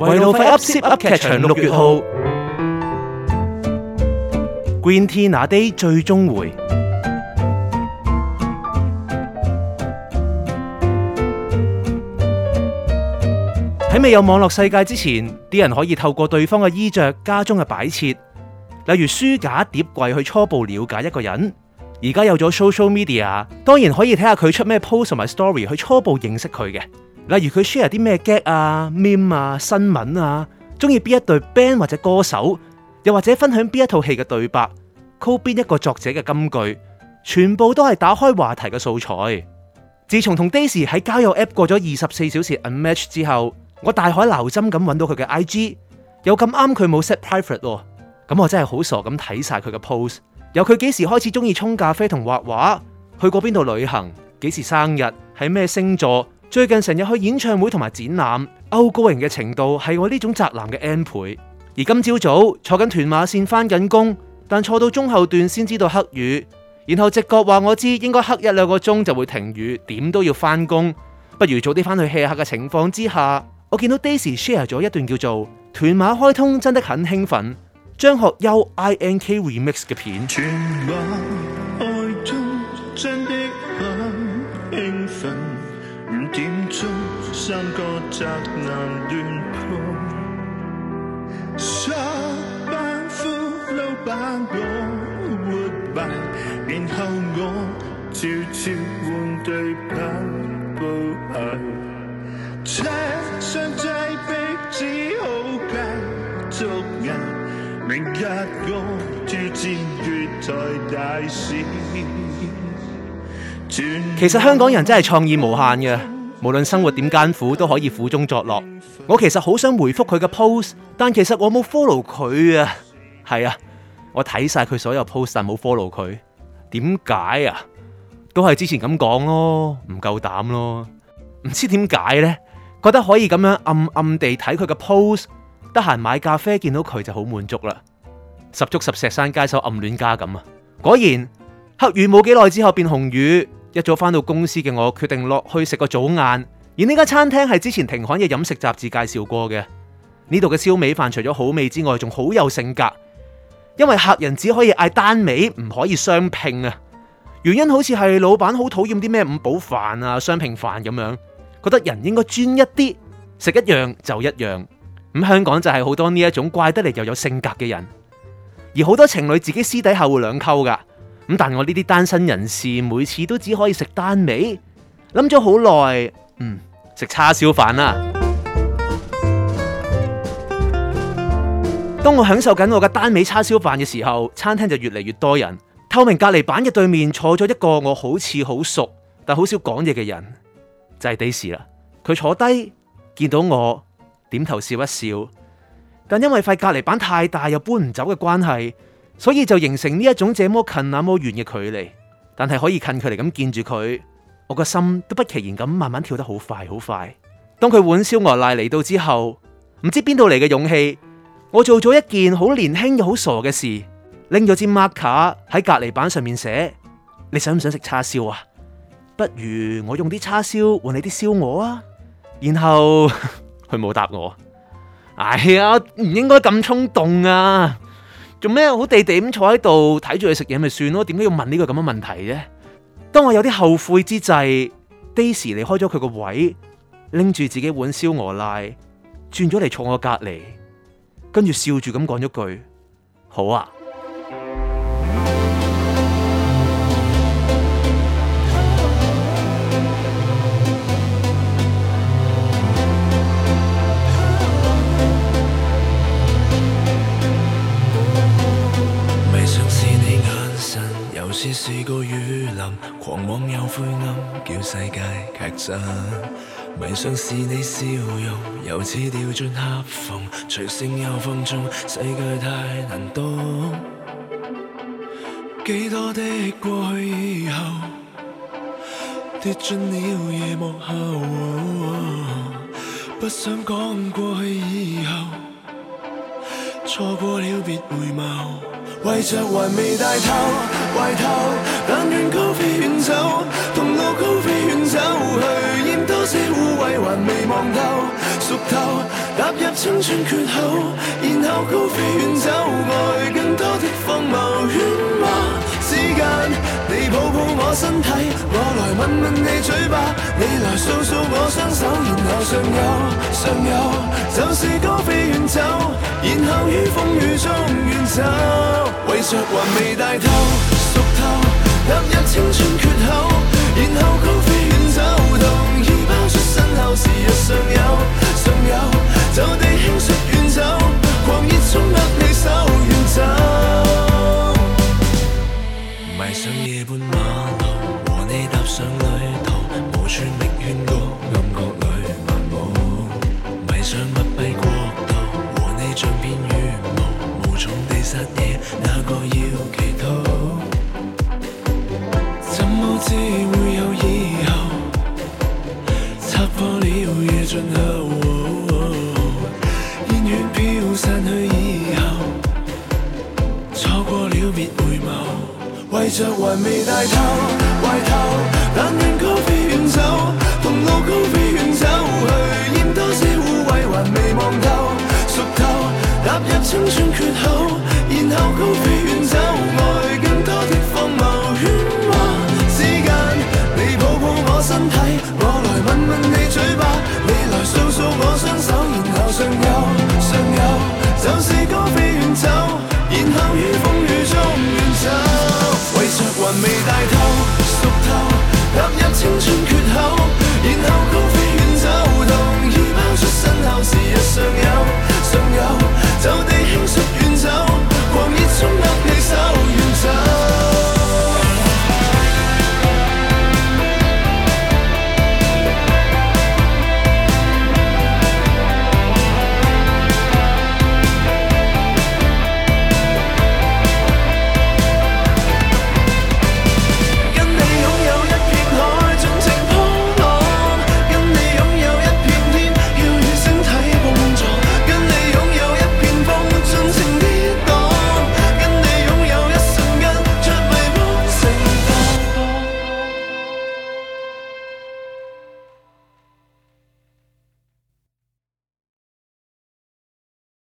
維路費 Zip 噏 Zip 噏劇場六月號，《Green Tea 那 Day》最終回。喺 未有網絡世界之前，啲人可以透過對方嘅衣着、家中嘅擺設，例如書架、碟櫃，去初步了解一個人。而家有咗 Social Media，當然可以睇下佢出咩 post 同埋 story，去初步認識佢嘅。例如佢 share 啲咩 Gag 啊、Meme 啊、新聞啊，中意邊一隊 band 或者歌手，又或者分享邊一套戲嘅對白，call 邊一個作者嘅金句，全部都係打開話題嘅素材。自從同 Daisy 喺交友 App 過咗二十四小時 unmatch 之後，我大海撈針咁揾到佢嘅 IG，又咁啱佢冇 set private 喎，咁我真係好傻咁睇晒佢嘅 post。由佢幾時開始中意沖咖啡同畫畫，去過邊度旅行，幾時生日，喺咩星座。最近成日去演唱會同埋展覽，勾高人嘅程度係我呢種宅男嘅 n 倍。而今朝早，早坐緊屯馬線翻緊工，但坐到中後段先知道黑雨，然後直覺話我知應該黑一兩個鐘就會停雨，點都要翻工，不如早啲翻去 hea 嘅情況之下，我見到 Daisy share 咗一段叫做《屯馬開通真的很興奮》，張學友 INK Remix 嘅片。 其實香港人真係創意無限嘅，無論生活點艱苦都可以苦中作樂。我其實好想回復佢嘅 post，但其實我冇 follow 佢啊。係啊，我睇晒佢所有 post，但冇 follow 佢，點解啊？都係之前咁講咯，唔夠膽咯，唔知點解呢，覺得可以咁樣暗暗地睇佢嘅 pose，得閒買咖啡見到佢就好滿足啦，十足十石山街手暗戀家咁啊！果然黑雨冇幾耐之後變紅雨，一早翻到公司嘅我決定落去食個早晏。而呢間餐廳係之前《停刊嘅飲食雜誌》介紹過嘅，呢度嘅燒味飯除咗好味之外，仲好有性格，因為客人只可以嗌單味，唔可以雙拼啊！原因好似係老闆好討厭啲咩五寶飯啊、雙拼飯咁樣，覺得人應該專一啲，食一樣就一樣。咁、嗯、香港就係好多呢一種怪得嚟又有性格嘅人，而好多情侶自己私底下會兩溝噶。咁、嗯、但我呢啲單身人士每次都只可以食單味，諗咗好耐，嗯，食叉燒飯啦。當我享受緊我嘅單味叉燒飯嘅時候，餐廳就越嚟越多人。透明隔籬板嘅對面坐咗一個我好似好熟但好少講嘢嘅人，就係、是、Daisy 啦。佢坐低見到我點頭笑一笑，但因為塊隔籬板太大又搬唔走嘅關係，所以就形成呢一種這麼近那麼近那麼遠嘅距離。但係可以近距離咁見住佢，我個心都不其然咁慢慢跳得好快好快。當佢碗燒鵝瀨嚟到之後，唔知邊度嚟嘅勇氣，我做咗一件好年輕又好傻嘅事。拎咗支 marker 喺隔離板上面寫，你想唔想食叉燒啊？不如我用啲叉燒換你啲燒鵝啊。然後佢冇 答我，係、哎、呀，唔應該咁衝動啊。做咩好地地咁坐喺度睇住佢食嘢咪算咯。點解要問呢個咁嘅問題啫？」當我有啲後悔之際，Daisy 離開咗佢個位，拎住自己碗燒鵝瀨轉咗嚟坐我隔離，跟住笑住咁講咗句：好啊。似是個雨林，狂妄又灰暗，叫世界劇震。迷上是你笑容，由此掉進黑洞，隨性又放縱，世界太難懂。幾多的過去以後，跌進了夜幕後，哦哦哦、不想講過去以後，錯過了別回眸，為着還未帶走。 回頭，但願高飛遠走，同路高飛遠走去，染多些污穢還未望透。熟透，踏入青春缺口，然後高飛遠走，外更多的荒謬。擁抱之間，你抱抱我身體，我來吻吻你嘴巴，你來掃掃我雙手，然後尚有尚有，就是高飛遠走，然後於風雨中遠走，為着還未帶頭。踏入青春缺口。知會有以後，拆破了夜盡、哦哦哦、頭，煙圈飄散去以後，錯過了別回眸。為着還未大透，壞透，但願高飛遠走，同路高飛遠走去，去染多少污穢還未望透，熟透，踏入青春缺口，然後高飛遠走。